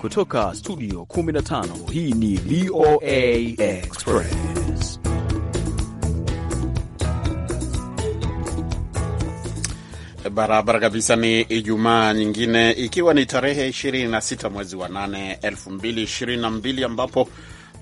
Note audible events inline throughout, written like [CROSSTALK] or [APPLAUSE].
Kutoka studio 15 hii ni VOA Express. Barabara kabisa. Ni Ijumaa nyingine ikiwa ni tarehe 26 mwezi wa 8 2022 ambapo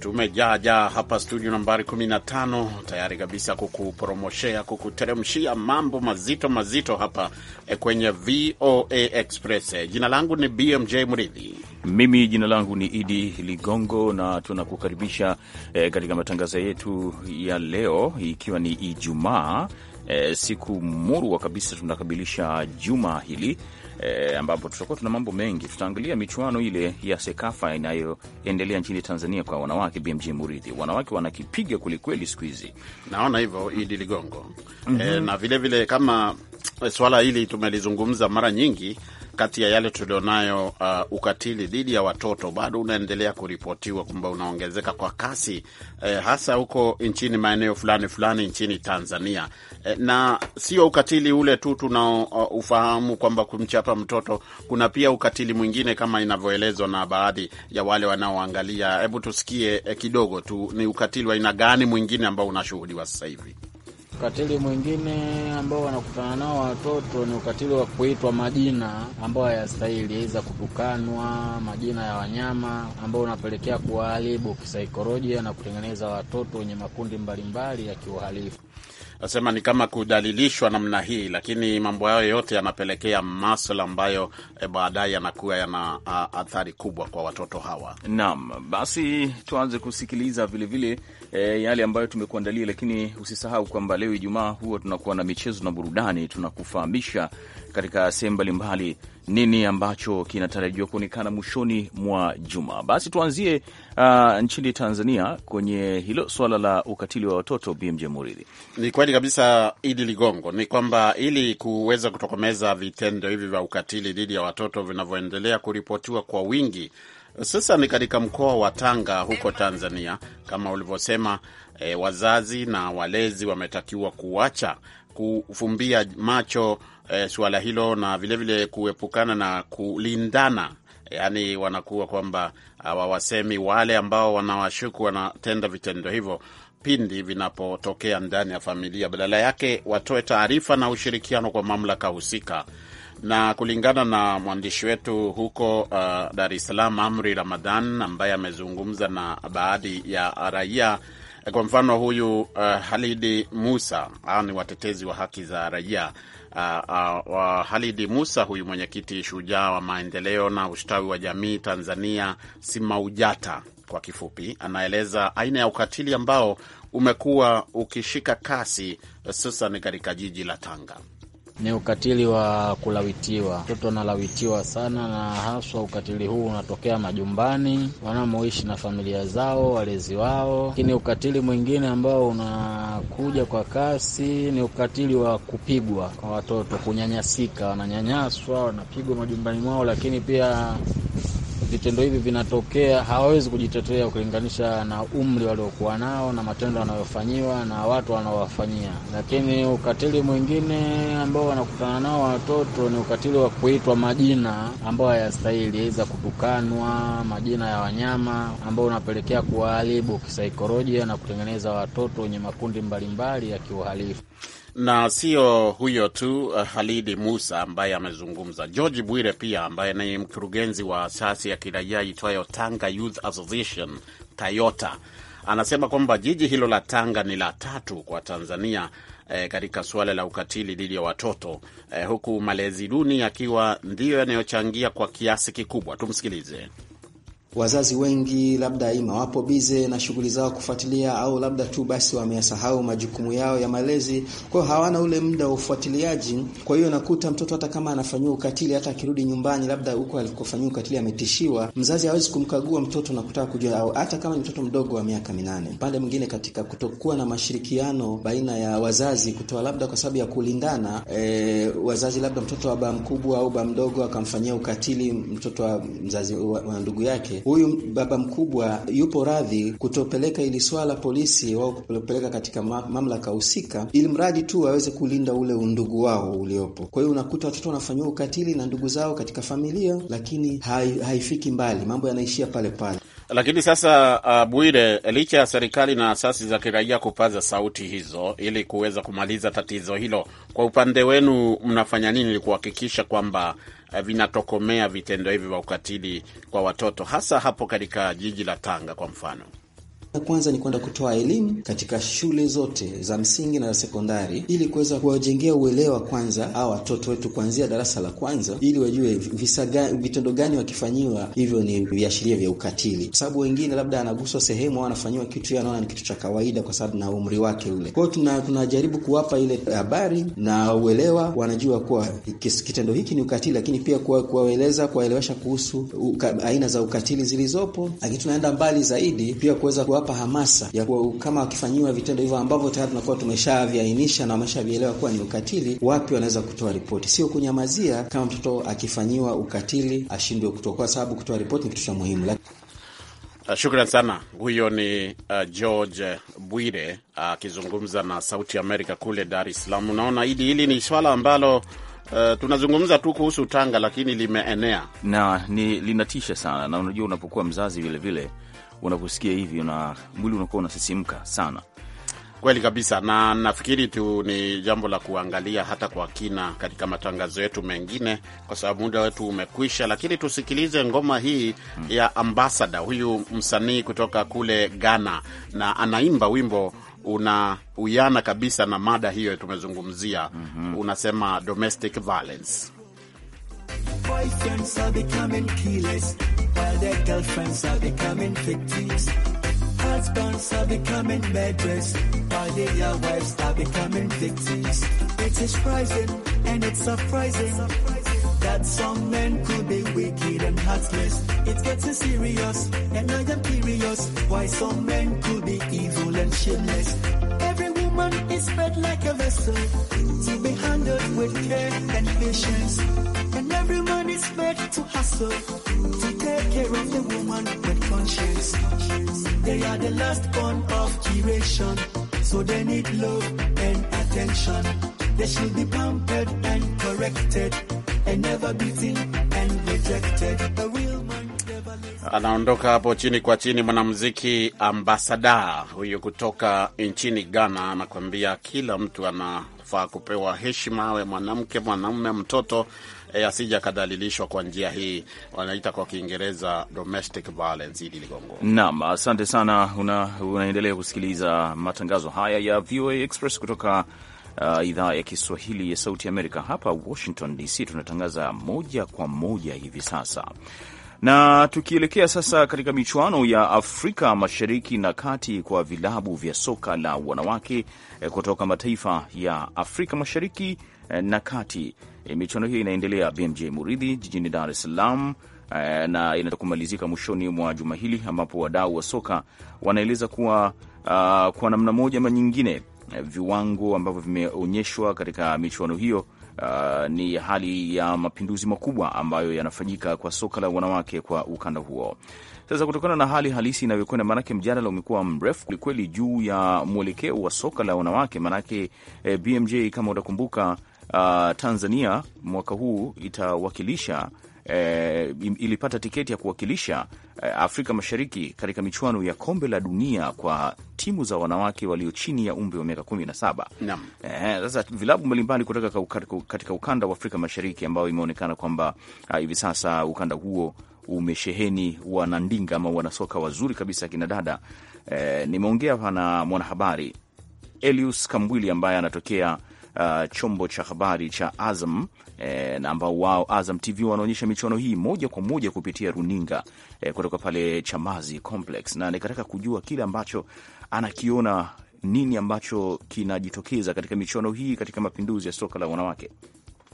Tumejaajaa hapa studio nambari 15 tayari kabisa kukupromoshea kukuteremshia mambo mazito mazito hapa eh, kwenye VOA Express. Jina langu ni BMJ Mridhi, mimi jina langu ni Idi Ligongo, na tunakukaribisha e, katika matangazo yetu ya leo, ikiwa ni Ijumaa e, siku murwa kabisa, tunakabilisha juma hili e, ambapo tutakuwa tuna mambo mengi. Tutaangalia michuano ile ya SEKAFA inayoendelea nchini Tanzania kwa wanawake. BMJ Muridhi, wanawake wanakipiga kwelikweli siku hizi, naona hivyo Idi Ligongo. mm -hmm. E, na vilevile vile kama eh, swala hili tumelizungumza mara nyingi kati ya yale tulionayo, uh, ukatili dhidi ya watoto bado unaendelea kuripotiwa kwamba unaongezeka kwa kasi eh, hasa huko nchini maeneo fulani fulani nchini Tanzania eh, na sio ukatili ule tu tunaofahamu uh, kwamba kumchapa mtoto, kuna pia ukatili mwingine kama inavyoelezwa na baadhi ya wale wanaoangalia. Hebu tusikie eh, kidogo tu, ni ukatili wa aina gani mwingine ambao unashuhudiwa sasa hivi? Ukatili mwingine ambao wanakutana nao watoto ni ukatili wa kuitwa majina ambayo hayastahili, aidha kutukanwa, majina ya wanyama ambao unapelekea kuwaharibu kisaikolojia na kutengeneza watoto wenye makundi mbalimbali ya kiuhalifu nasema ni kama kudalilishwa namna hii, lakini mambo hayo yote yanapelekea masuala ambayo e, baadaye yanakuwa yana athari kubwa kwa watoto hawa. Naam, basi tuanze kusikiliza vilevile e, yale ambayo tumekuandalia, lakini usisahau kwamba leo Ijumaa huwa tunakuwa na michezo na burudani, tunakufahamisha katika sehemu mbalimbali nini ambacho kinatarajiwa kuonekana mwishoni mwa juma. Basi tuanzie uh, nchini Tanzania kwenye hilo swala la ukatili wa watoto. BMJ Muridhi, ni kweli kabisa Idi Ligongo, ni kwamba ili kuweza kutokomeza vitendo hivi vya ukatili dhidi ya watoto vinavyoendelea kuripotiwa kwa wingi sasa ni katika mkoa wa Tanga huko Tanzania, kama ulivyosema. E, wazazi na walezi wametakiwa kuacha kufumbia macho eh, suala hilo na vilevile vile kuepukana na kulindana yaani wanakuwa kwamba hawawasemi ah, wale ambao wanawashuku wanatenda vitendo hivyo pindi vinapotokea ndani ya familia, badala yake watoe taarifa na ushirikiano kwa mamlaka husika. Na kulingana na mwandishi wetu huko uh, Dar es Salaam, Amri Ramadhan ambaye amezungumza na baadhi ya raia Eh, kwa mfano huyu uh, Halidi Musa au ni watetezi wa haki za raia uh, uh, Halidi Musa huyu mwenyekiti shujaa wa maendeleo na ustawi wa jamii Tanzania SIMAUJATA kwa kifupi, anaeleza aina ya ukatili ambao umekuwa ukishika kasi hususan katika jiji la Tanga ni ukatili wa kulawitiwa. watoto wanalawitiwa sana, na haswa ukatili huu unatokea majumbani wanamoishi na familia zao, walezi wao. Lakini ukatili mwingine ambao unakuja kwa kasi ni ukatili wa kupigwa kwa watoto, kunyanyasika, wananyanyaswa, wanapigwa majumbani mwao, lakini pia vitendo hivi vinatokea, hawawezi kujitetea ukilinganisha na umri waliokuwa nao na matendo wanayofanyiwa na watu wanaowafanyia. Lakini ukatili mwingine ambao wanakutana nao watoto ni ukatili wa kuitwa majina ambayo hayastahili, iza kutukanwa, majina ya wanyama ambao unapelekea kuwaharibu kisaikolojia na kutengeneza watoto wenye makundi mbalimbali ya kiuhalifu na sio huyo tu, uh, eh, Halidi Musa ambaye amezungumza, George Bwire pia ambaye ni mkurugenzi wa asasi ya kiraia itwayo Tanga Youth Association Tayota, anasema kwamba jiji hilo la Tanga ni la tatu kwa Tanzania eh, katika suala la ukatili dhidi ya watoto eh, huku malezi duni yakiwa ndiyo yanayochangia kwa kiasi kikubwa. Tumsikilize. Wazazi wengi labda ima wapo bize na shughuli zao kufuatilia, au labda tu basi wameyasahau majukumu yao ya malezi, kwa hawana ule muda wa ufuatiliaji. Kwa hiyo nakuta mtoto hata kama anafanyiwa ukatili, hata akirudi nyumbani, labda huko alikofanyiwa ukatili ametishiwa, mzazi hawezi kumkagua mtoto na kutaka kujua, au hata kama ni mtoto mdogo wa miaka minane. pande mwingine, katika kutokuwa na mashirikiano baina ya wazazi, kutoa labda kwa sababu ya kulindana, e, wazazi labda mtoto wa baba mkubwa au baba mdogo akamfanyia ukatili mtoto wa mzazi wa ndugu yake huyu baba mkubwa yupo radhi kutopeleka ili swala polisi wao kupeleka katika mamlaka husika, ili mradi tu waweze kulinda ule undugu wao uliopo. Kwa hiyo unakuta watoto wanafanyiwa ukatili na ndugu zao katika familia, lakini hai, haifiki mbali, mambo yanaishia pale pale. Lakini sasa uh, Bwire, licha ya serikali na asasi za kiraia kupaza sauti hizo ili kuweza kumaliza tatizo hilo, kwa upande wenu mnafanya nini ili kuhakikisha kwamba Eh, vinatokomea vitendo hivi vya ukatili kwa watoto, hasa hapo katika jiji la Tanga kwa mfano? La kwanza ni kwenda kutoa elimu katika shule zote za msingi na za sekondari, ili kuweza kuwajengea uelewa kwanza hawa watoto wetu kuanzia darasa la kwanza, ili wajue vitendo gani wakifanyiwa hivyo ni viashiria vya ukatili, kwa sababu wengine labda anaguswa sehemu au anafanyiwa kitu yeye anaona ni kitu cha kawaida, kwa sababu na umri wake ule. Kwa hiyo tunajaribu kuwapa ile habari na uelewa, wanajua kuwa kitendo hiki ni ukatili, lakini pia kuwaeleza, kuwaelewesha kuhusu uka, aina za ukatili zilizopo, lakini tunaenda mbali zaidi pia kuweza kuwapa kuwapa hamasa ya kuwa, kama wakifanyiwa vitendo hivyo ambavyo tayari tunakuwa tumeshaviainisha na wameshavielewa kuwa ni ukatili, wapi wanaweza kutoa ripoti, sio kunyamazia. Kama mtoto akifanyiwa ukatili ashindwe kutoa, kwa sababu kutoa ripoti ni kitu cha muhimu. Ah, shukran sana. Huyo ni uh, George Bwire ah, akizungumza uh, na Sauti ya Amerika kule Dar es Salaam. Unaona, hili hili ni swala ambalo uh, tunazungumza tu kuhusu Tanga, lakini limeenea na ni linatisha sana, na unajua unapokuwa mzazi vilevile vile unavyosikia hivi na mwili unakuwa unasisimka sana. Kweli kabisa, na nafikiri tu ni jambo la kuangalia hata kwa kina katika matangazo yetu mengine, kwa sababu muda wetu umekwisha, lakini tusikilize ngoma hii hmm, ya Ambasada, huyu msanii kutoka kule Ghana, na anaimba wimbo una uyana kabisa na mada hiyo tumezungumzia. mm -hmm. Unasema domestic violence All their girlfriends are becoming victims, Husbands are becoming bedrest. All their wives are becoming victims. It is surprising and it's surprising. That some men could be wicked and heartless. It's getting serious, and I am curious why some men could be evil and shameless. Every woman is spread like a vessel to be handled with care and patience, and every man is made to hustle take care of the woman with conscience. They are the last born of generation, so they need love and attention. They should be pampered and corrected, and never beaten and rejected. A real man never lives. Anaondoka hapo chini kwa chini mwanamuziki ambasada huyu kutoka nchini Ghana, anakuambia kila mtu anafaa kupewa heshima, awe mwanamke, mwanamume, mtoto Eh, asija kadhalilishwa kwa njia hii wanaita kwa Kiingereza domestic violence. Hili Ligongo nam, asante sana. Unaendelea una kusikiliza matangazo haya ya VOA Express kutoka uh, idhaa ya Kiswahili ya Sauti Amerika hapa Washington DC. Tunatangaza moja kwa moja hivi sasa na tukielekea sasa katika michuano ya Afrika Mashariki na Kati kwa vilabu vya soka la wanawake eh, kutoka mataifa ya Afrika Mashariki Eh, na Kati. E, michuano hiyo inaendelea BMJ Muridhi jijini Dar es Salaam e, na inaweza kumalizika mwishoni mwa juma hili, ambapo wadau wa soka wanaeleza kuwa uh, kwa namna moja ama nyingine viwango ambavyo vimeonyeshwa katika michuano hiyo uh, ni hali ya mapinduzi makubwa ambayo yanafanyika kwa soka la wanawake kwa ukanda huo. Sasa kutokana na hali halisi inavyokwenda, maanake mjadala umekuwa mrefu kwelikweli juu ya mwelekeo wa soka la wanawake, maanake eh, BMJ kama utakumbuka uh, Tanzania mwaka huu itawakilisha E, ilipata tiketi ya kuwakilisha e, Afrika Mashariki katika michuano ya kombe la dunia kwa timu za wanawake walio chini ya umri wa miaka 17. Naam. E, sasa vilabu mbalimbali kutoka katika ukanda wa Afrika Mashariki ambao imeonekana kwamba ah, hivi sasa ukanda huo umesheheni wanandinga ama wanasoka wazuri kabisa akina dada. E, nimeongea na mwanahabari Elius Kambwili ambaye anatokea uh, chombo cha habari cha Azam eh, na ambao wao Azam TV wanaonyesha michuano hii moja kwa moja kupitia runinga eh, kutoka pale Chamazi Complex, na nikataka kujua kile ambacho anakiona nini ambacho kinajitokeza katika michuano hii katika mapinduzi ya soka la wanawake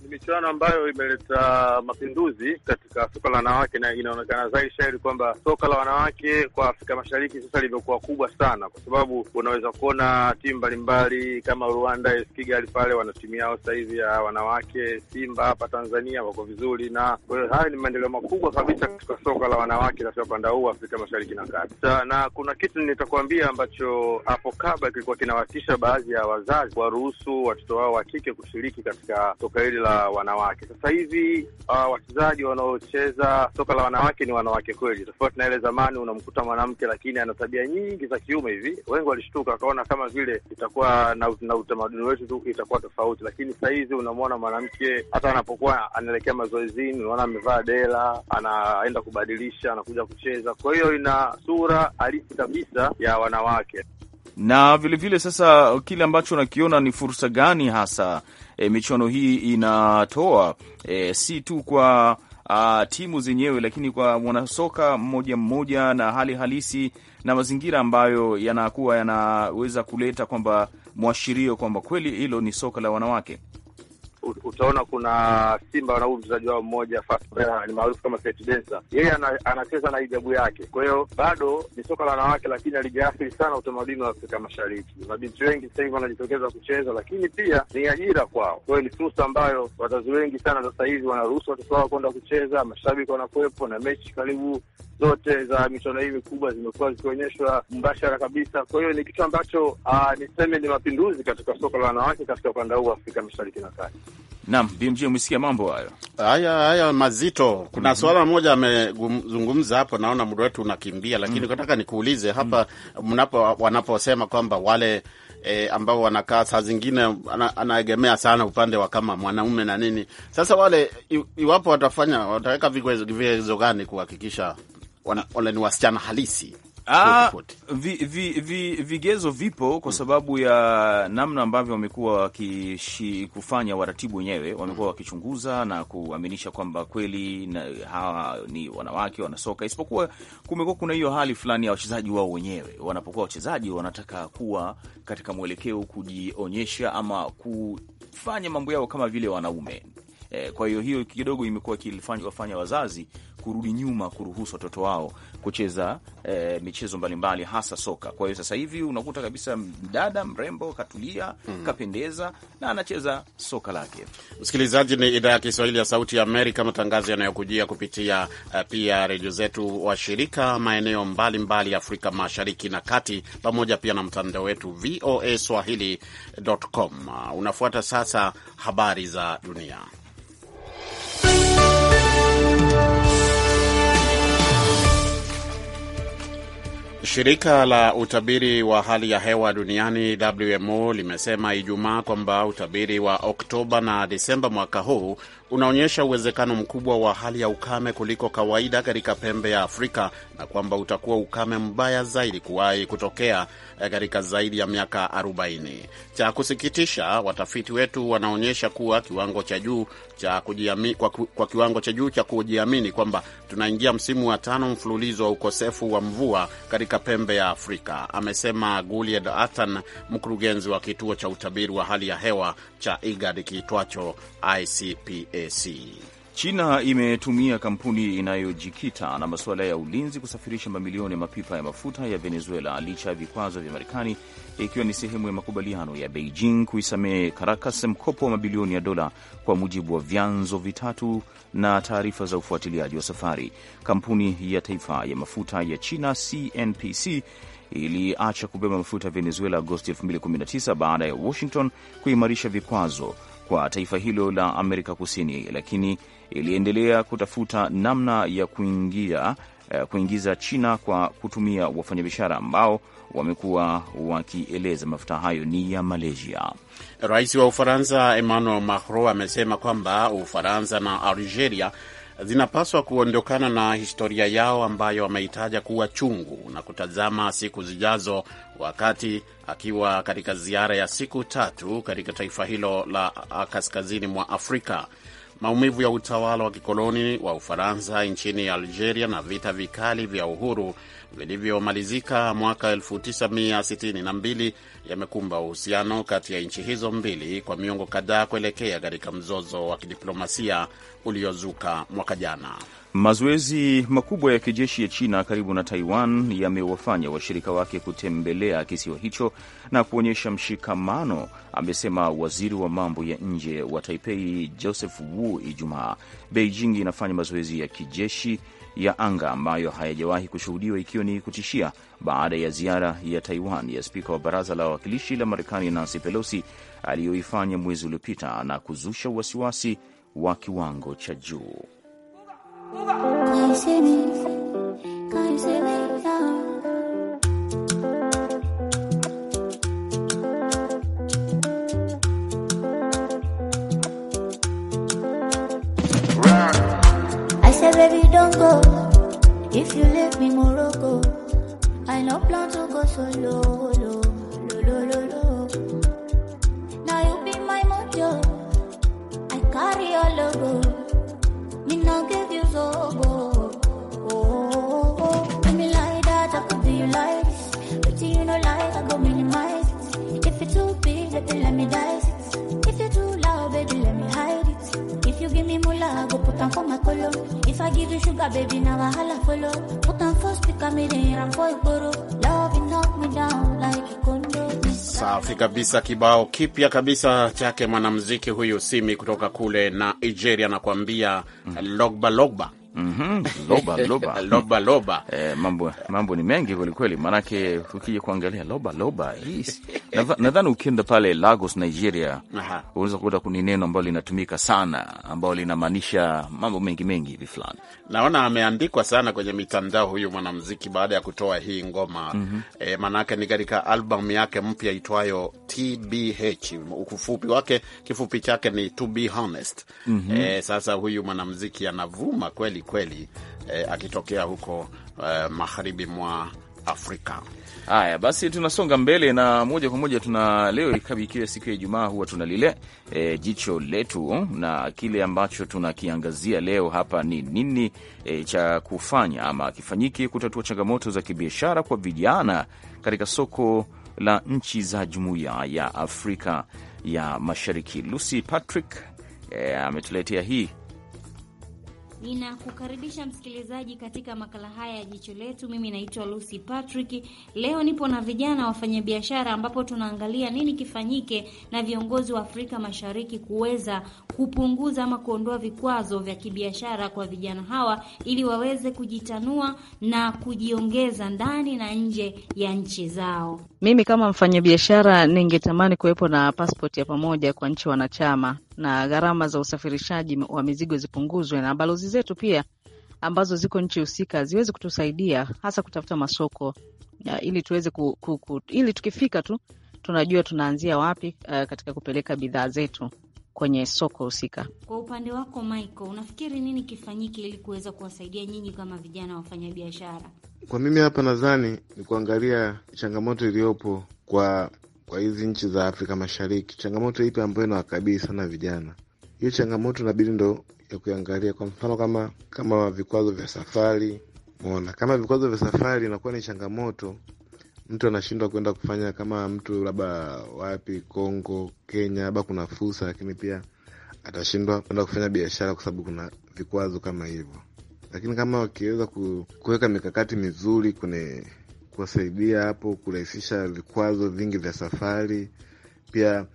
ni michuano ambayo imeleta mapinduzi katika soka la wanawake, na inaonekana zaidi shahiri kwamba soka la wanawake kwa Afrika Mashariki sasa limekuwa kubwa sana, kwa sababu unaweza kuona timu mbalimbali kama Rwanda AS Kigali pale wana timu yao sasa hivi ya wanawake, Simba hapa Tanzania wako vizuri, na haya ni maendeleo makubwa kabisa katika soka la wanawake katika ukanda huu Afrika Mashariki na Kati. Na kuna kitu nitakuambia ambacho hapo kabla kilikuwa kinawatisha baadhi ya wazazi kuwaruhusu watoto wao wa kike kushiriki katika soka hili la wanawake. Sasa hivi uh, wachezaji wanaocheza soka la wanawake ni wanawake kweli, tofauti na ile zamani, unamkuta mwanamke lakini ana tabia nyingi za kiume hivi. Wengi walishtuka wakaona kama vile itakuwa na, na utamaduni wetu tu itakuwa tofauti, lakini sasa hizi unamwona mwanamke hata anapokuwa anaelekea mazoezini, unaona amevaa dela, anaenda kubadilisha, anakuja kucheza. Kwa hiyo ina sura halisi kabisa ya wanawake na vilevile vile sasa, kile ambacho nakiona ni fursa gani hasa e, michuano hii inatoa e, si tu kwa a, ah, timu zenyewe, lakini kwa mwanasoka mmoja mmoja na hali halisi na mazingira ambayo yanakuwa yanaweza kuleta kwamba mwashirio kwamba kweli hilo ni soka la wanawake utaona kuna Simba na huyu mchezaji wao mmoja ni maarufu kama Set yeye anacheza na hijabu yake. Kwa hiyo bado ni soka la wanawake, lakini alijaathiri sana utamaduni wa Afrika Mashariki. Mabinti wengi sasa hivi wanajitokeza kucheza, lakini pia ni ajira kwao. Kwa hiyo ni fursa ambayo wazazi wengi sana sasa hivi wanaruhusu watoto wao kwenda kucheza, mashabiki wanakuwepo na mechi karibu zote za michuano hii mikubwa zimekuwa zikionyeshwa mbashara kabisa. Kwa hiyo ni kitu ambacho ah, niseme ni mapinduzi katika soka la wanawake katika ukanda huu wa Afrika Mashariki na Kati. Naam, BMG, umesikia mambo hayo haya haya mazito. Kuna mm -hmm. swala moja amezungumza hapo, naona muda wetu unakimbia, lakini mm. nataka mm -hmm. nikuulize hapa mm. mnapo wanaposema kwamba wale E, ambao wanakaa saa zingine ana, anaegemea sana upande wa kama mwanaume na nini. Sasa wale iwapo watafanya wataweka vigezo gani kuhakikisha wale ni wasichana halisi? Aa, ah, vi, vi, vi, vigezo vipo kwa mm. sababu ya namna ambavyo wamekuwa kufanya waratibu wenyewe, wamekuwa mm. wakichunguza na kuaminisha kwamba kweli na, hawa ni wanawake wanasoka, isipokuwa kumekuwa kuna hiyo hali fulani ya wachezaji wao wenyewe. Wanapokuwa wachezaji, wanataka kuwa katika mwelekeo kujionyesha ama kufanya mambo yao kama vile wanaume. Eh, kwa hiyo hiyo kidogo imekuwa kiwafanya wafanya wazazi kurudi nyuma kuruhusu watoto wao kucheza e, michezo mbalimbali hasa soka. Kwa hiyo sasa hivi unakuta kabisa mdada mrembo katulia, mm, kapendeza na anacheza soka lake. Msikilizaji, ni idhaa ya Kiswahili ya Sauti ya Amerika, matangazo yanayokujia kupitia uh, pia redio zetu washirika maeneo mbalimbali mbali Afrika Mashariki na Kati, pamoja pia na mtandao wetu voa swahili.com. Unafuata sasa habari za dunia. Shirika la utabiri wa hali ya hewa duniani WMO limesema Ijumaa kwamba utabiri wa Oktoba na Disemba mwaka huu unaonyesha uwezekano mkubwa wa hali ya ukame kuliko kawaida katika pembe ya Afrika na kwamba utakuwa ukame mbaya zaidi kuwahi kutokea eh, katika zaidi ya miaka 40. Cha kusikitisha, watafiti wetu wanaonyesha kuwa kiwango cha juu cha kujiami, kwa, kwa kiwango cha juu cha kujiamini kwamba tunaingia msimu wa tano mfululizo wa ukosefu wa mvua katika pembe ya Afrika, amesema Gulied Athan, mkurugenzi wa kituo cha utabiri wa hali ya hewa cha IGAD kiitwacho ICP. EAC. China imetumia kampuni inayojikita na masuala ya ulinzi kusafirisha mamilioni ya mapipa ya mafuta ya Venezuela licha ya vikwazo vya Marekani, ikiwa ni sehemu ya makubaliano ya Beijing kuisamehe Caracas mkopo wa mabilioni ya dola, kwa mujibu wa vyanzo vitatu na taarifa za ufuatiliaji wa safari. Kampuni ya taifa ya mafuta ya China CNPC iliacha kubeba mafuta ya Venezuela Agosti 2019 baada ya Washington kuimarisha vikwazo kwa taifa hilo la Amerika Kusini, lakini iliendelea kutafuta namna ya kuingia eh, kuingiza China kwa kutumia wafanyabiashara ambao wamekuwa wakieleza mafuta hayo ni ya Malaysia. Rais wa Ufaransa Emmanuel Macron amesema kwamba Ufaransa na Algeria zinapaswa kuondokana na historia yao ambayo wameitaja kuwa chungu na kutazama siku zijazo, wakati akiwa katika ziara ya siku tatu katika taifa hilo la kaskazini mwa Afrika. Maumivu ya utawala wa kikoloni wa Ufaransa nchini Algeria na vita vikali vya uhuru vilivyomalizika mwaka 1962 yamekumba uhusiano kati ya nchi hizo mbili kwa miongo kadhaa kuelekea katika mzozo wa kidiplomasia uliozuka mwaka jana. Mazoezi makubwa ya kijeshi ya China karibu na Taiwan yamewafanya washirika wake kutembelea kisiwa hicho na kuonyesha mshikamano, amesema waziri wa mambo ya nje wa Taipei Joseph Wu Ijumaa. Beijing inafanya mazoezi ya kijeshi ya anga ambayo hayajawahi kushuhudiwa, ikiwa ni kutishia baada ya ziara ya Taiwan ya spika wa baraza la wawakilishi la Marekani Nancy Pelosi aliyoifanya mwezi uliopita na kuzusha wasiwasi wa kiwango cha juu. If I give you sugar, baby, now I holla follow. Put on first, pick a mirror, and boy, borrow. Safi kabisa, kibao kipya kabisa chake mwanamuziki huyu Simi kutoka kule na Nigeria, anakuambia mm Logba Logba. Mhm. loba loba [LAUGHS] loba loba eh, mambo mambo ni mengi kwelikweli, maanake ukija kuangalia loba loba [LAUGHS] nadhani ukienda pale Lagos Nigeria, unaweza kukuta kuni neno ambalo linatumika sana ambalo linamaanisha mambo mengi mengi hivi fulani. Naona ameandikwa sana kwenye mitandao huyu mwanamuziki baada ya kutoa hii ngoma mm -hmm. E, eh, maanake ni katika albamu yake mpya itwayo TBH, ufupi wake kifupi chake ni to be honest. mm -hmm. E, sasa huyu mwanamuziki anavuma kweli kweli eh, akitokea huko eh, magharibi mwa Afrika. Haya basi, tunasonga mbele na moja kwa moja tuna leo, ikiwa siku ya Ijumaa, huwa tuna lile e, jicho letu, na kile ambacho tunakiangazia leo hapa ni nini e, cha kufanya ama kifanyike kutatua changamoto za kibiashara kwa vijana katika soko la nchi za jumuiya ya Afrika ya Mashariki. Lucy Patrick e, ametuletea hii Ninakukaribisha msikilizaji katika makala haya ya jicho letu. Mimi naitwa Lucy Patrick. Leo nipo na vijana wafanyabiashara, ambapo tunaangalia nini kifanyike na viongozi wa Afrika Mashariki kuweza kupunguza ama kuondoa vikwazo vya kibiashara kwa vijana hawa ili waweze kujitanua na kujiongeza ndani na nje ya nchi zao. Mimi kama mfanyabiashara ningetamani kuwepo na pasipoti ya pamoja kwa nchi wanachama na gharama za usafirishaji wa mizigo zipunguzwe, na balozi zetu pia ambazo ziko nchi husika ziweze kutusaidia hasa kutafuta masoko ya, ili tuweze ku, ku, ku, ili tukifika tu tunajua tunaanzia wapi uh, katika kupeleka bidhaa zetu kwenye soko husika. Kwa upande wako Michael, unafikiri nini kifanyike ili kuweza kuwasaidia nyinyi kama vijana wafanyabiashara? Kwa mimi hapa nadhani ni kuangalia changamoto iliyopo kwa kwa hizi nchi za Afrika Mashariki, changamoto ipi ambayo inawakabili sana vijana? Hiyo changamoto inabidi ndo ya kuiangalia. Kwa mfano kama kama vikwazo vya safari, umeona kama vikwazo vya safari inakuwa ni changamoto, mtu anashindwa kwenda kufanya, kama mtu labda wapi Kongo, Kenya, labda kuna fursa, lakini pia atashindwa kwenda kufanya biashara kwa sababu kuna vikwazo kama hivyo. Lakini kama wakiweza kuweka mikakati mizuri kwenye kuwasaidia hapo kurahisisha vikwazo vingi vya safari. Pia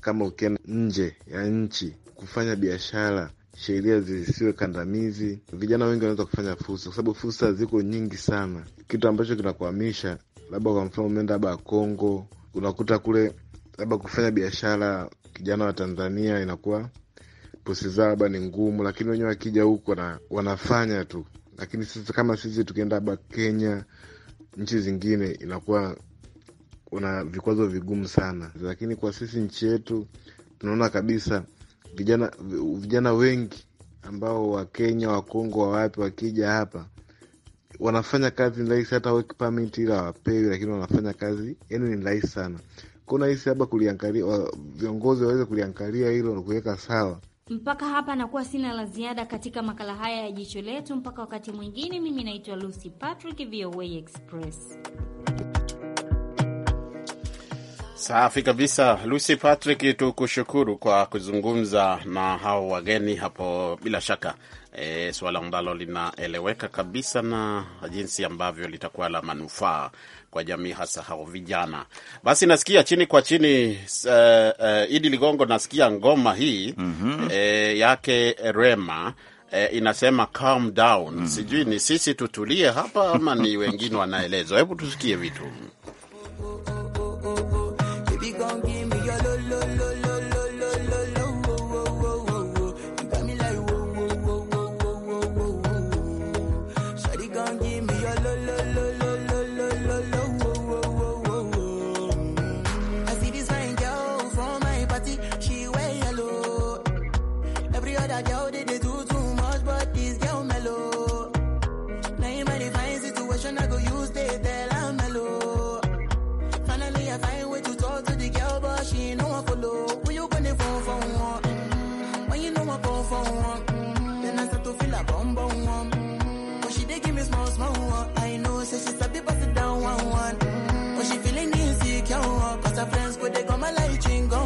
kama ukienda nje ya nchi kufanya biashara, sheria zisiwe kandamizi. Vijana wengi wanaweza kufanya fursa, kwa sababu fursa ziko nyingi sana. Kitu ambacho kinakwamisha, labda kwa mfano umeenda labda Kongo, unakuta kule labda kufanya biashara kijana wa Tanzania inakuwa posi zao labda ni ngumu, lakini wenyewe wakija huku wanafanya tu. Lakini sisi kama sisi tukienda labda Kenya nchi zingine inakuwa una vikwazo vigumu sana, lakini kwa sisi nchi yetu tunaona kabisa vijana vijana wengi ambao Wakenya, Wakongo, wapi wakija hapa wanafanya kazi ni rahisi, hata work permit ila wapewi, lakini wanafanya kazi yani ni rahisi sana. Kuna hisi hapa kuliangalia, viongozi waweze kuliangalia hilo na kuweka sawa. Mpaka hapa nakuwa sina la ziada katika makala haya ya jicho letu. Mpaka wakati mwingine, mimi naitwa Lucy Patrick, VOA Express. Safi kabisa, Lucy Patrick, tukushukuru kwa kuzungumza na hao wageni hapo. Bila shaka e, suala ambalo linaeleweka kabisa na jinsi ambavyo litakuwa la manufaa kwa jamii, hasa hao vijana. Basi nasikia chini kwa chini uh, uh, Idi Ligongo, nasikia ngoma hii mm -hmm. uh, yake Rema E, inasema calm down mm. Sijui ni sisi tutulie hapa ama ni wengine wanaelezwa. Hebu tusikie vitu small, small one. I know, say she sabi pass it down one, one. When she feeling insecure, cause her friends go, they come and light, ching, go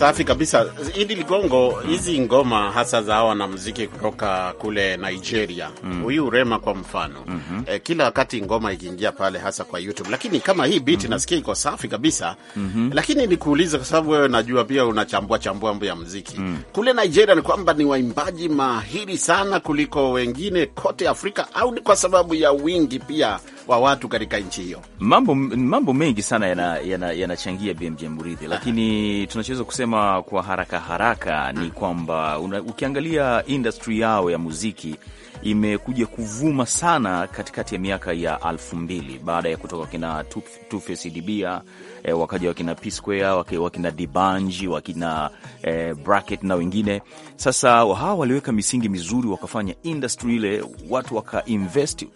Safi kabisa, Idi Ligongo. Hizi ngoma hasa za hawa mziki kutoka kule Nigeria, mm. huyu mm. Rema kwa mfano mm -hmm. eh, kila wakati ngoma ikiingia pale, hasa kwa YouTube, lakini kama hii biti mm -hmm. nasikia iko safi kabisa mm -hmm. lakini nikuulize, kwa sababu wewe najua pia unachambua chambua mambo ya muziki mm. kule Nigeria, ni kwamba ni waimbaji mahiri sana kuliko wengine kote Afrika, au ni kwa sababu ya wingi pia wa watu katika nchi hiyo. Mambo, mambo mengi sana yanachangia yana, yana BMJ Murithi, lakini tunachoweza kusema kwa haraka haraka ni kwamba una, ukiangalia industry yao ya muziki imekuja kuvuma sana katikati ya miaka ya alfu mbili baada ya kutoka wakina Two Face Idibia e, eh, wakaja wakina P Square wakina Dibanji wakina e, Bracket na wengine. Sasa hawa waliweka misingi mizuri, wakafanya industry ile, watu wakainvest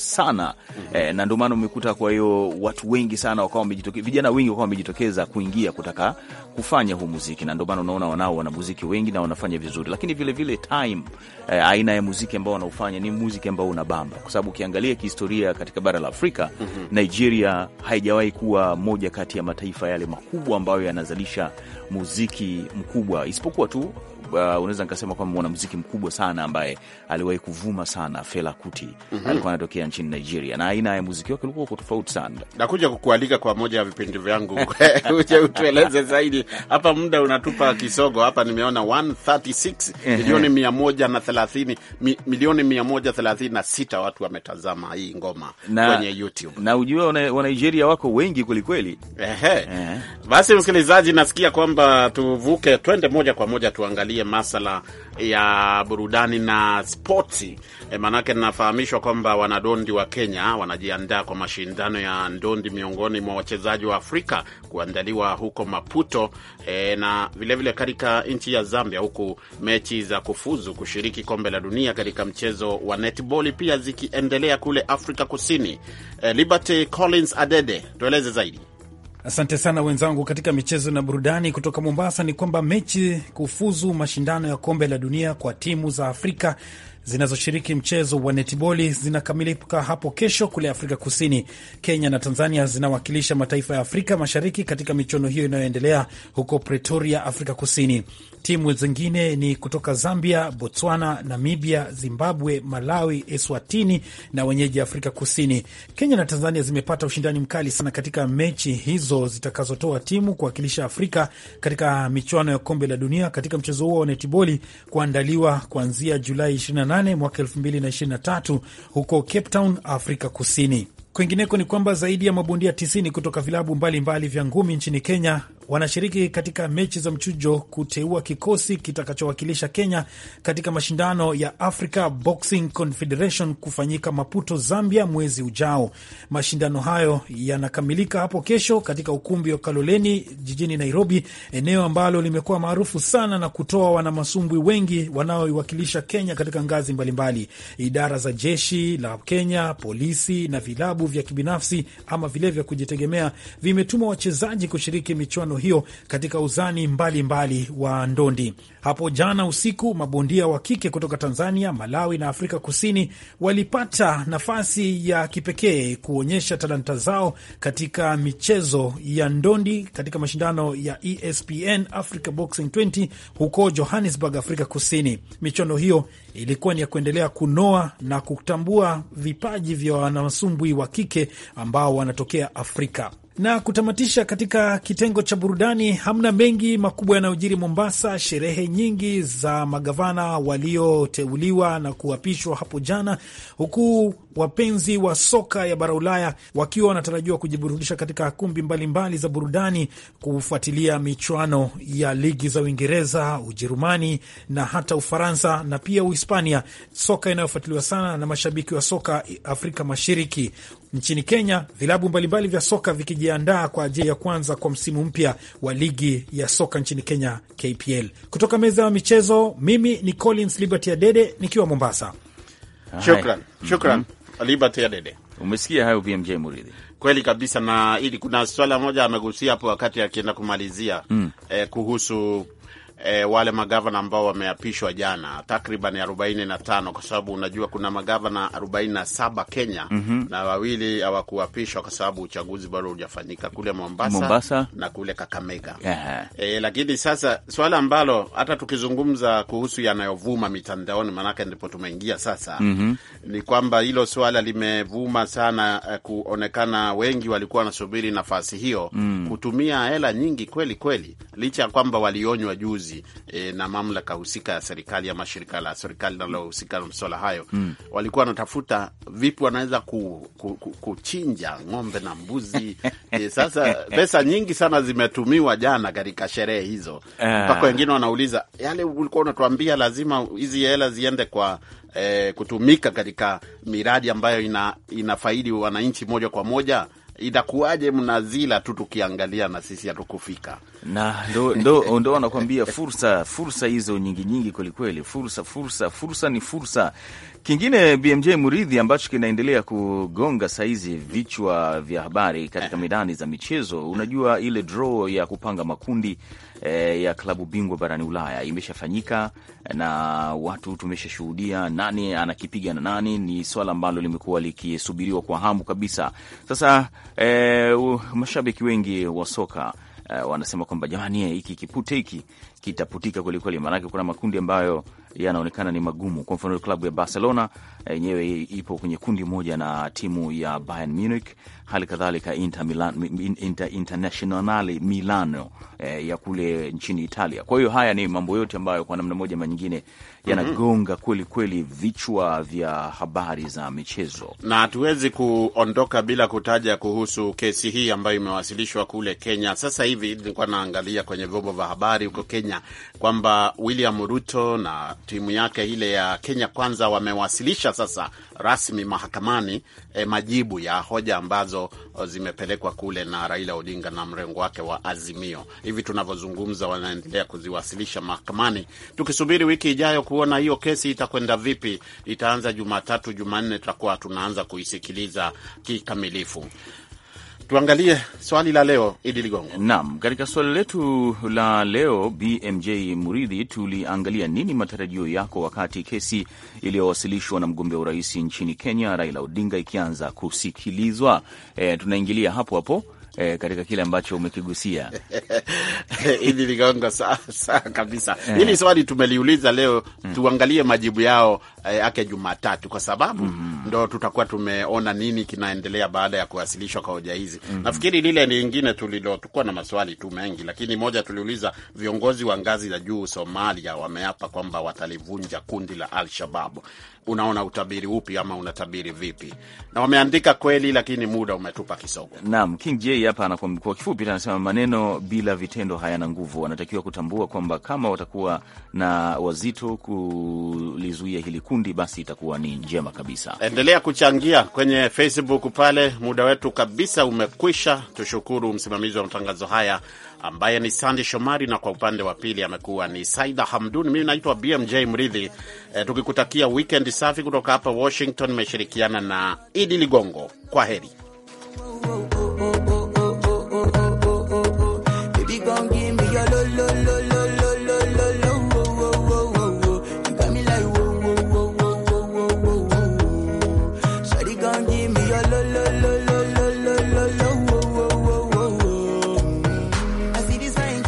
sana mm -hmm. E, na ndio maana umekuta, kwa hiyo watu wengi sana wakawa wamejitokeza, vijana wengi wakawa wamejitokeza kuingia kutaka kufanya huu muziki, na ndio maana unaona wanao wana muziki wengi na wanafanya vizuri, lakini vile vile time e, aina ya muziki ambao wanaufanya ni muziki ambao unabamba, kwa sababu ukiangalia kihistoria katika bara la Afrika mm -hmm. Nigeria haijawahi kuwa moja kati ya mataifa yale makubwa ambayo yanazalisha muziki mkubwa, isipokuwa tu uh, unaweza nikasema kwamba mwanamuziki mkubwa sana ambaye aliwahi kuvuma sana Fela Kuti mm -hmm. alikuwa anatokea nchini Nigeria na aina ya muziki wake ulikuwa uko tofauti sana. Nakuja kukualika kwa moja ya vipindi vyangu [LAUGHS] uje utueleze zaidi. Hapa muda unatupa kisogo hapa, nimeona 136 milioni mia moja na thelathini milioni 136 watu wametazama hii ngoma na, kwenye YouTube na ujua wa Nigeria wako wengi kwelikweli. Ehe, basi msikilizaji, nasikia kwamba kwamba tuvuke twende moja kwa moja tuangalie masala ya burudani na spoti e, maanake nafahamishwa kwamba wanadondi wa Kenya wanajiandaa kwa mashindano ya ndondi miongoni mwa wachezaji wa Afrika kuandaliwa huko Maputo e, na vilevile katika nchi ya Zambia, huku mechi za kufuzu kushiriki kombe la dunia katika mchezo wa netball pia zikiendelea kule Afrika Kusini. E, Liberty Collins Adede, tueleze zaidi. Asante sana wenzangu. Katika michezo na burudani kutoka Mombasa ni kwamba mechi kufuzu mashindano ya kombe la dunia kwa timu za Afrika zinazoshiriki mchezo wa netiboli zinakamilika hapo kesho kule Afrika Kusini. Kenya na Tanzania zinawakilisha mataifa ya Afrika Mashariki katika michuano hiyo inayoendelea huko Pretoria, Afrika Kusini. Timu zingine ni kutoka Zambia, Botswana, Namibia, Zimbabwe, Malawi, Eswatini na wenyeji Afrika Kusini. Kenya na Tanzania zimepata ushindani mkali sana katika mechi hizo zitakazotoa timu kuwakilisha Afrika katika michuano ya kombe la dunia katika mchezo huo wa netiboli kuandaliwa kuanzia Julai 18 mwaka 2023 huko Cape Town, Afrika Kusini. Kwingineko ni kwamba zaidi ya mabondia 90 kutoka vilabu mbalimbali mbali vya ngumi nchini Kenya wanashiriki katika mechi za mchujo kuteua kikosi kitakachowakilisha Kenya katika mashindano ya Africa Boxing Confederation kufanyika Maputo, Zambia mwezi ujao. Mashindano hayo yanakamilika hapo kesho katika ukumbi wa Kaloleni jijini Nairobi, eneo ambalo limekuwa maarufu sana na kutoa wanamasumbwi wengi wanaoiwakilisha Kenya katika ngazi mbalimbali mbali. Idara za jeshi la Kenya, polisi na vilabu vya kibinafsi ama vile vya kujitegemea vimetuma wachezaji kushiriki michuano hiyo katika uzani mbalimbali mbali wa ndondi. Hapo jana usiku, mabondia wa kike kutoka Tanzania, Malawi na Afrika Kusini walipata nafasi ya kipekee kuonyesha talanta zao katika michezo ya ndondi katika mashindano ya ESPN Africa Boxing 20 huko Johannesburg, Afrika Kusini. Michuano hiyo ilikuwa ni ya kuendelea kunoa na kutambua vipaji vya wanasumbwi wa kike ambao wanatokea Afrika. Na kutamatisha katika kitengo cha burudani, hamna mengi makubwa yanayojiri Mombasa. Sherehe nyingi za magavana walioteuliwa na kuapishwa hapo jana, huku wapenzi wa soka ya bara Ulaya wakiwa wanatarajiwa kujiburudisha katika kumbi mbalimbali mbali za burudani kufuatilia michuano ya ligi za Uingereza, Ujerumani na hata Ufaransa na pia Uhispania, soka inayofuatiliwa sana na mashabiki wa soka Afrika Mashariki Nchini Kenya, vilabu mbalimbali vya soka vikijiandaa kwa ajili ya kwanza kwa msimu mpya wa ligi ya soka nchini Kenya, KPL. Kutoka meza ya michezo, mimi ni Collins Liberty Adede nikiwa Mombasa. Ah, shukran, shukran mm-hmm. Liberty Adede. Umesikia hayo BMJ Muridhi? Kweli kabisa, na ili kuna swala moja amegusia hapo wakati akienda kumalizia mm. eh, kuhusu e, wale magavana ambao wameapishwa jana takriban 45 kwa sababu unajua kuna magavana 47 Kenya mm -hmm. na wawili hawakuapishwa kwa sababu uchaguzi bado hujafanyika kule Mombasa, Mombasa na kule Kakamega yeah. E, lakini sasa swala ambalo hata tukizungumza kuhusu yanayovuma mitandaoni, maanake ndipo tumeingia sasa mm -hmm. ni kwamba hilo swala limevuma sana eh, kuonekana wengi walikuwa wanasubiri nafasi hiyo mm. kutumia hela nyingi kweli kweli, licha ya kwamba walionywa juzi kazi e, eh, na mamlaka husika ya serikali ama shirika la serikali linalohusika na maswala hayo mm. walikuwa wanatafuta vipi wanaweza ku, ku, ku, kuchinja ng'ombe na mbuzi [LAUGHS] e, sasa pesa nyingi sana zimetumiwa jana katika sherehe hizo ah. mpaka wengine wanauliza yale ulikuwa unatuambia lazima hizi hela ziende kwa e, kutumika katika miradi ambayo ina, inafaidi wananchi moja kwa moja itakuwaje mnazila tu tukiangalia na sisi hatukufika. Na ndo, ndo, ndo wanakuambia fursa, fursa hizo nyingi nyingi kwelikweli, fursa fursa fursa ni fursa Kingine BMJ Muridhi ambacho kinaendelea kugonga saizi vichwa vya habari katika eh. midani za michezo, unajua ile draw ya kupanga makundi eh, ya klabu bingwa barani Ulaya imeshafanyika eh, na watu tumeshashuhudia nani anakipiga na nani. Ni swala ambalo limekuwa likisubiriwa kwa hamu kabisa. Sasa eh, mashabiki wengi wa soka eh, wanasema kwamba jamani, hiki kipute hiki kitaputika kwelikweli, maanake kuna makundi ambayo yanaonekana ni magumu. Kwa mfano klabu ya Barcelona eh, yenyewe ipo kwenye kundi moja na timu ya Bayern Munich hali kadhalika Inter Milan, Inter Internationale Milano eh, ya kule nchini Italia. Kwa hiyo haya ni mambo yote ambayo kwa namna moja ama nyingine yanagonga mhm. kweli kweli vichwa vya habari za michezo, na hatuwezi kuondoka bila kutaja kuhusu kesi hii ambayo imewasilishwa kule Kenya. Sasa hivi nilikuwa naangalia kwenye vyombo vya habari huko Kenya kwamba William Ruto na timu yake ile ya Kenya Kwanza wamewasilisha sasa rasmi mahakamani eh, majibu ya hoja ambazo ambazo uh, zimepelekwa kule na Raila Odinga na mrengo wake wa Azimio. Hivi tunavyozungumza, wanaendelea kuziwasilisha mahakamani, tukisubiri wiki ijayo kuona hiyo kesi itakwenda vipi. Itaanza Jumatatu, Jumanne tutakuwa tunaanza kuisikiliza kikamilifu. Tuangalie swali la leo, Idi Ligongo. Naam, katika swali letu la leo BMJ Muridhi, tuliangalia nini matarajio yako wakati kesi iliyowasilishwa na mgombea urais nchini Kenya Raila Odinga ikianza kusikilizwa. E, tunaingilia hapo hapo [LAUGHS] eh, katika kile ambacho umekigusia [LAUGHS] hili ligongo saa sa, kabisa eh. hili swali tumeliuliza leo mm. Tuangalie majibu yao eh, yake ake Jumatatu kwa sababu mm -hmm. Ndo tutakuwa tumeona nini kinaendelea baada ya kuwasilishwa kwa hoja hizi mm -hmm. Nafikiri lile lingine tulilo tulilotukuwa na maswali tu mengi, lakini moja tuliuliza viongozi wa ngazi za juu Somalia wameapa kwamba watalivunja kundi la Al-Shabab. Unaona utabiri upi ama unatabiri vipi? Na wameandika kweli, lakini muda umetupa kisogo. Naam, King J Bei hapa anakuwa kwa kifupi, anasema maneno bila vitendo hayana nguvu. anatakiwa kutambua kwamba kama watakuwa na wazito kulizuia hili kundi, basi itakuwa ni njema kabisa. Endelea kuchangia kwenye Facebook pale, muda wetu kabisa umekwisha. Tushukuru msimamizi wa matangazo haya ambaye ni Sandi Shomari, na kwa upande wa pili amekuwa ni Saida Hamduni. Mimi naitwa BMJ Mridhi, e, tukikutakia wikend safi kutoka hapa Washington. Imeshirikiana na Idi Ligongo. Kwa heri.